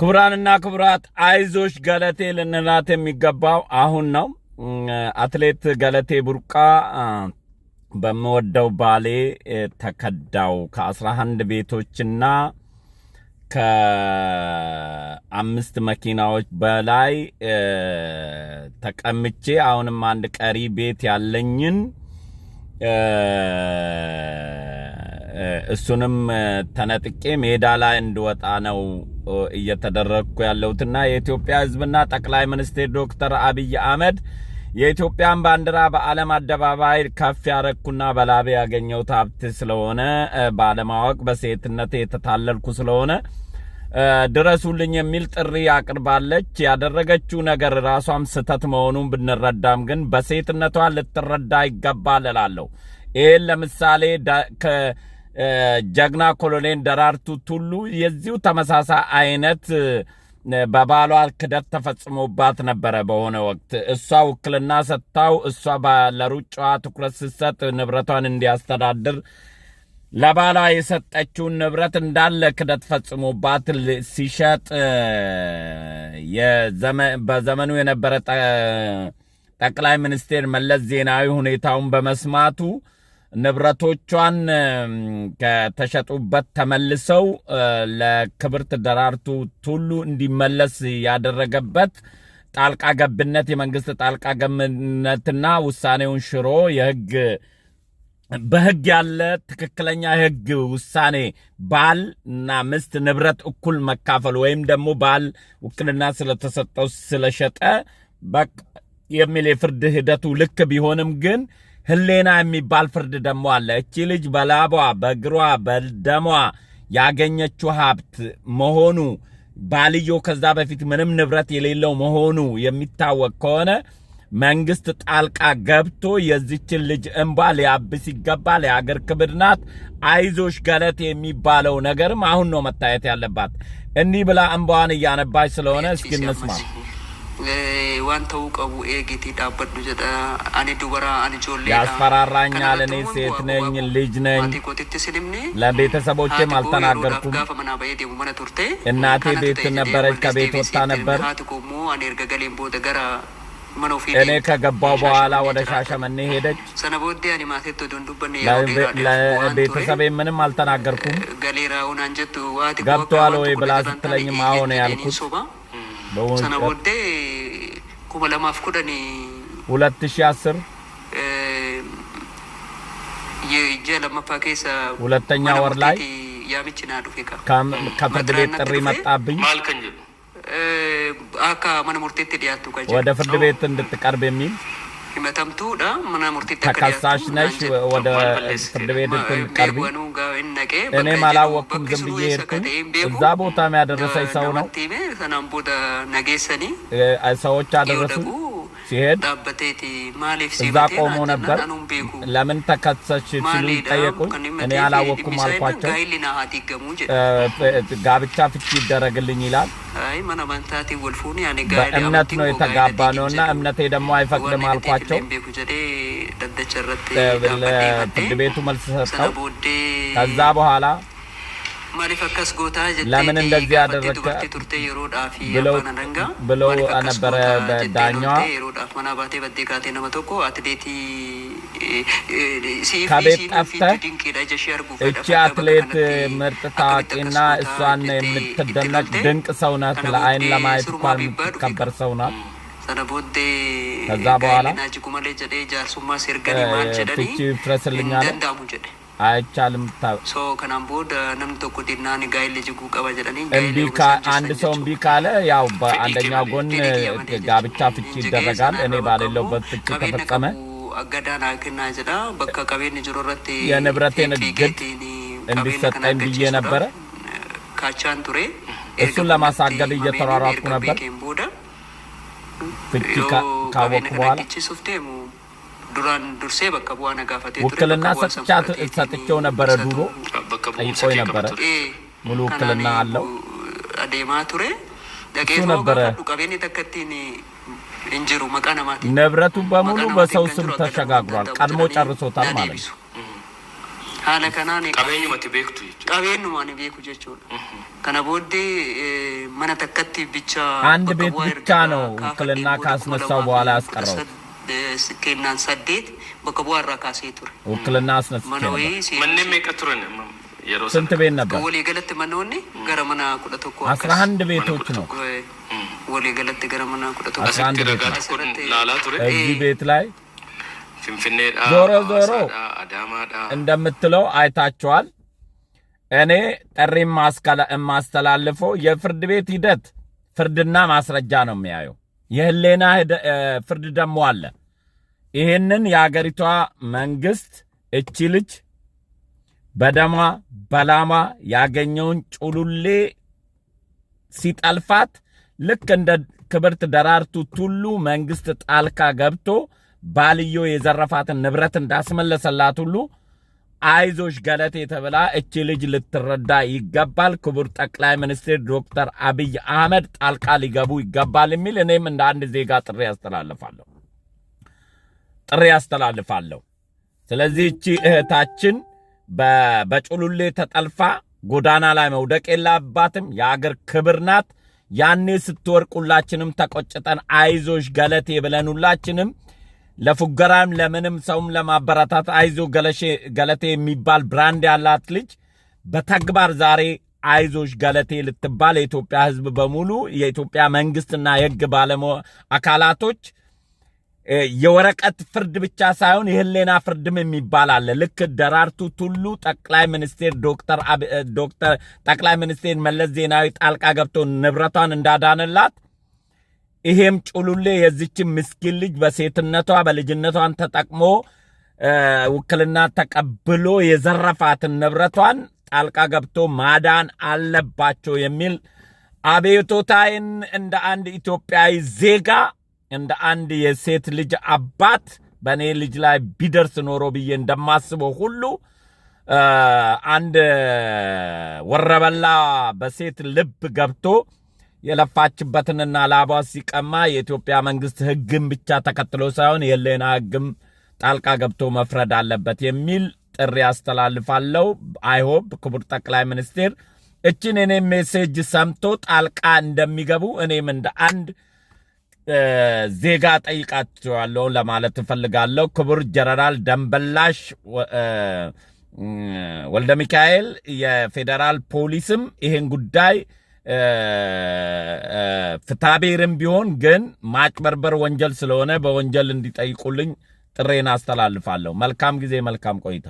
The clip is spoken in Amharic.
ክቡራንና ክቡራት አይዞሽ ገለቴ ልንላት የሚገባው አሁን ነው። አትሌት ገለቴ ቡርቃ በምወደው ባሌ ተከዳው ከአስራ አንድ ቤቶችና ከአምስት መኪናዎች በላይ ተቀምቼ አሁንም አንድ ቀሪ ቤት ያለኝን እሱንም ተነጥቄ ሜዳ ላይ እንድወጣ ነው እየተደረግኩ ያለሁትና የኢትዮጵያ ሕዝብና ጠቅላይ ሚኒስትር ዶክተር አብይ አህመድ የኢትዮጵያን ባንዲራ በዓለም አደባባይ ከፍ ያረግኩና በላቤ ያገኘሁት ሀብት ስለሆነ ባለማወቅ በሴትነት የተታለልኩ ስለሆነ ድረሱልኝ የሚል ጥሪ አቅርባለች። ያደረገችው ነገር ራሷም ስህተት መሆኑን ብንረዳም ግን በሴትነቷ ልትረዳ ይገባል እላለሁ። ይህን ለምሳሌ ጀግና ኮሎኔል ደራርቱ ቱሉ የዚሁ ተመሳሳይ አይነት በባሏ ክደት ተፈጽሞባት ነበረ። በሆነ ወቅት እሷ ውክልና ሰጥታው እሷ ለሩጫዋ ትኩረት ስትሰጥ ንብረቷን እንዲያስተዳድር ለባሏ የሰጠችውን ንብረት እንዳለ ክደት ፈጽሞባት ሲሸጥ በዘመኑ የነበረ ጠቅላይ ሚኒስቴር መለስ ዜናዊ ሁኔታውን በመስማቱ ንብረቶቿን ከተሸጡበት ተመልሰው ለክብርት ደራርቱ ቱሉ እንዲመለስ ያደረገበት ጣልቃ ገብነት የመንግስት ጣልቃ ገብነትና ውሳኔውን ሽሮ የህግ በህግ ያለ ትክክለኛ የህግ ውሳኔ ባል እና ምስት ንብረት እኩል መካፈል ወይም ደግሞ ባል ውክልና ስለተሰጠው ስለሸጠ በቃ የሚል የፍርድ ሂደቱ ልክ ቢሆንም ግን ህሌና የሚባል ፍርድ ደሞ አለ። እቺ ልጅ በላቧ በእግሯ በደሟ ያገኘችው ሀብት መሆኑ ባልየው ከዛ በፊት ምንም ንብረት የሌለው መሆኑ የሚታወቅ ከሆነ መንግስት ጣልቃ ገብቶ የዚችን ልጅ እንባ ሊያብስ ይገባል። የአገር ክብር ናት። አይዞሽ ገለት የሚባለው ነገርም አሁን ነው መታየት ያለባት። እንዲህ ብላ እንባዋን እያነባች ስለሆነ እስኪ እንስማ። ዋን ተው ቀቡ ኤጌቲ ዳበዱ ጀ አኔ ዱበራ አኔ ጆሌ ያስፈራራኛል። እኔ ሴት ነኝ ልጅ ነኝ። ለቤተሰቦቼም አልተናገርኩም። እናቴ ቤት ነበረች፣ ከቤት ወጥታ ነበር። እኔ ከገባው በኋላ ወደ ሻሸመኔ ሄደች። ለቤተሰቤ ምንም አልተናገርኩም። ገብተዋል ወይ ብላ ስትለኝም አዎ ያልኩት። sana booddee kuma lamaaf ሁለት ሺህ አስር የእጀ ለመፋ ሁለተኛ ወር ላይ ያምችና ዱፌ ከፍርድ ቤት ጥሪ መጣብኝ አካ መነ ሙርቴት ወደ ፍርድ ቤት እንድትቀርብ የሚል ተከሳሽ ነሽ ወደ ፍርድ ቤት ትቀርቢ። እኔም አላወቅኩም፣ ዝም ብዬ ሄድኩኝ። እዛ ቦታ ያደረሰኝ ሰው ነው። ሰዎች አደረሱ ሲሄድ እዛ ቆሞ ነበር። ለምን ተከሰች ሲሉ ጠየቁኝ። እኔ አላወቅኩም አልኳቸው። ጋብቻ ፍቺ ይደረግልኝ ይላል። በእምነት ነው የተጋባ ነው እና እምነቴ ደግሞ አይፈቅድም አልኳቸው። ፍርድ ቤቱ መልስ ሰጠው። ከዛ በኋላ ለምን እንደዚህ አደረግከ ብለው ብለው ነበረ ዳኛዋ። ከቤት ጠፍተህ እቺ አትሌት ምርጥ ታዋቂና እሷን የምትደነቅ ድንቅ ሰው ናት። ለአይን ለማየት እንኳን የምትከበር ሰው ናት። ከዛ በኋላ ፍቺ ይፍረስልኛል አይቻልም። እምቢ አንድ ሰው እምቢ ካለ ያው በአንደኛው ጎን ጋብቻ ፍቺ ይደረጋል። እኔ ባሌለሁበት ፍቺ ተፈጸመ። የንብረቴን ግድ እንዲሰጠኝ ብዬ ነበረ። እሱን ለማሳገድ እየተሯሯጥኩ ነበር ፍቺ ካወቅኩ በኋላ ውክልና ሰጥቻቸው ነበረ። ዱሮ ጠይቆኝ ነበረ። ሙሉ ውክልና አለው እሱ ነበረ። ንብረቱ በሙሉ በሰው ስም ተሸጋግሯል። ቀድሞ ጨርሶታል ማለት ነው። አንድ ቤት ብቻ ነው ውክልና ካስነሳው በኋላ ያስቀረው። ስኬናን ሰዴት በከቧራ ካሴ ቱር ውክልና አስነት ምንም ስንት ቤት ነበር? ወል የገለት መነወኔ ገረመና ቁለቶኮ አስራ አንድ ቤቶች ነው። ወል የገለት ገረመና ቁለተኮ አስራ አንድ እዚህ ቤት ላይ ዞሮ ዞሮ እንደምትለው አይታችኋል። እኔ ጥሪ ማስተላልፈው የፍርድ ቤት ሂደት ፍርድና ማስረጃ ነው የሚያየው የህሌና ፍርድ ደሞ አለ። ይህንን የአገሪቷ መንግስት እቺ ልጅ በደማ በላማ ያገኘውን ጩሉሌ ሲጠልፋት ልክ እንደ ክብርት ደራርቱ ቱሉ መንግስት ጣልቃ ገብቶ ባልዮ የዘረፋትን ንብረት እንዳስመለሰላት ሁሉ አይዞሽ ገለቴ ተብላ እቺ ልጅ ልትረዳ ይገባል። ክቡር ጠቅላይ ሚኒስትር ዶክተር አብይ አህመድ ጣልቃ ሊገቡ ይገባል የሚል እኔም እንደ አንድ ዜጋ ጥሪ ያስተላልፋለሁ ጥሪ ያስተላልፋለሁ። ስለዚህ እቺ እህታችን በጩሉሌ ተጠልፋ ጎዳና ላይ መውደቅ የለባትም። የአገር ክብር ናት። ያኔ ስትወርቁላችንም ተቆጭጠን አይዞሽ ገለቴ ብለን ሁላችንም ለፉገራም ለምንም ሰውም ለማበረታት አይዞ ገለቴ የሚባል ብራንድ ያላት ልጅ በተግባር ዛሬ አይዞሽ ገለቴ ልትባል የኢትዮጵያ ሕዝብ በሙሉ የኢትዮጵያ መንግስትና የህግ ባለሞ አካላቶች የወረቀት ፍርድ ብቻ ሳይሆን የህሌና ፍርድም የሚባል አለ። ልክ ደራርቱ ቱሉ ጠቅላይ ሚኒስቴር ዶክተር ጠቅላይ ሚኒስቴር መለስ ዜናዊ ጣልቃ ገብቶ ንብረቷን እንዳዳንላት ይሄም ጩሉሌ የዚችን ምስኪን ልጅ በሴትነቷ በልጅነቷን ተጠቅሞ ውክልና ተቀብሎ የዘረፋትን ንብረቷን ጣልቃ ገብቶ ማዳን አለባቸው የሚል አቤቶታይን እንደ አንድ ኢትዮጵያዊ ዜጋ እንደ አንድ የሴት ልጅ አባት በእኔ ልጅ ላይ ቢደርስ ኖሮ ብዬ እንደማስበው ሁሉ አንድ ወረበላ በሴት ልብ ገብቶ የለፋችበትንና ላቧ ሲቀማ የኢትዮጵያ መንግስት ህግን ብቻ ተከትሎ ሳይሆን የሌና ህግም ጣልቃ ገብቶ መፍረድ አለበት የሚል ጥሪ አስተላልፋለሁ። አይሆብ ክቡር ጠቅላይ ሚኒስትር እችን እኔ ሜሴጅ ሰምቶ ጣልቃ እንደሚገቡ እኔም እንደ አንድ ዜጋ ጠይቃቸዋለሁ ለማለት እፈልጋለሁ። ክቡር ጀነራል ደንበላሽ ወልደ ሚካኤል የፌዴራል ፖሊስም ይህን ጉዳይ ፍታቤርም ቢሆን ግን ማጭበርበር ወንጀል ስለሆነ በወንጀል እንዲጠይቁልኝ ጥሬን አስተላልፋለሁ። መልካም ጊዜ፣ መልካም ቆይታ